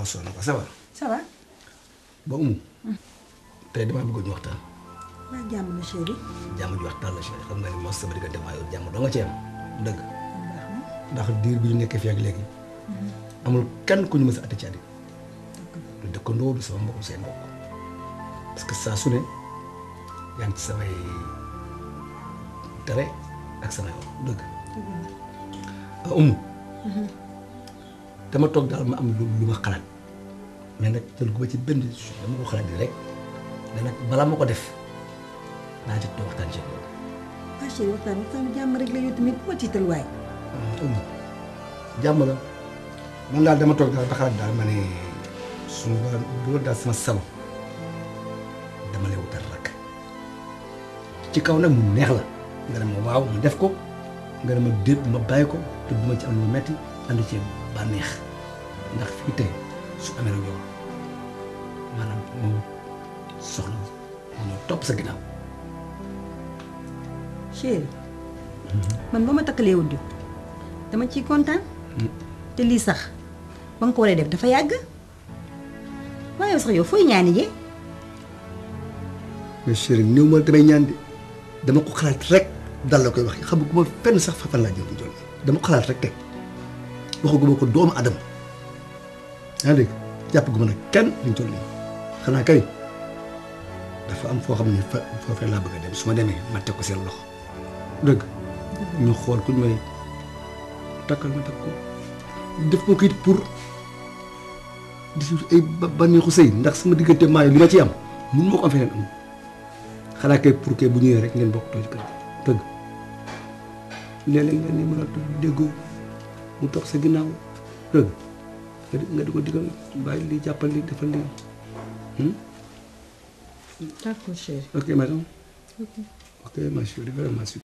taxaw ça va. ça va. bëgg ñu waxtaan. na chéri. ju waxtaan la chéri xam nga ni sama diggante maa yow jàmm doo nga ci am dëgg. ndax diir bi ñu nekkee fii ak léegi. amul kenn ku ñu mës a ci àddina. du dëkkandoo du sama mbokk seen mbokk. parce que saa su ne ci samay tere ak samay wax dëgg. umu. Hmm. dama toog daal ma am lu xalaat mais ma ci benn suuf dama ko ma ko def naa ci toog loolu. Ah, ah, daal dama toog daal ma ne sama salon dama lay wutal rakk ci kaw nag mu neex la nga ne waaw def ko nga ne ma ma bàyyi ko te bu ma ci am lu metti andu ci banex ndax fi tay su amé ñoo manam mo moom soxla top sa ginnaaw. chéri hmm. man bama takalé wuddu dama ci contane te hmm. li sax ba nga ko wara def dafa yagg waye sax yow fuy ñaani ji. mais chéri ñu ma tamay ñaan di dama ko xalaat rek dal la koy wax xam ko ku ma fenn sax fa fan laa jël di dama ko xalaat rek tek waxaguma ko doomu adam yaa dégg jàppaguma nag kenn liñ toll nii xanaa kay dafa am foo xam ne fa foofee laa bëgg a dem su ma demee ma teg ko seen loxo dëgg ñu xool ku ñu may takkal ma takk ko def ko kayit pour di su ay bànneexu sëy ndax sama diggante maayo li ma ci am mun moo ko am feneen am xanaa kay pour que bu ñëwee rek ngeen bokk too ci kër dëgg léeg-léeg ngeen ni mën a déggoo mu segenau, sa ginnaaw dëgg nga di nga di digal bàyyi lii jàppal lii defal lii. d'accord chérie. ok madame. ok ok ma chérie vraiment.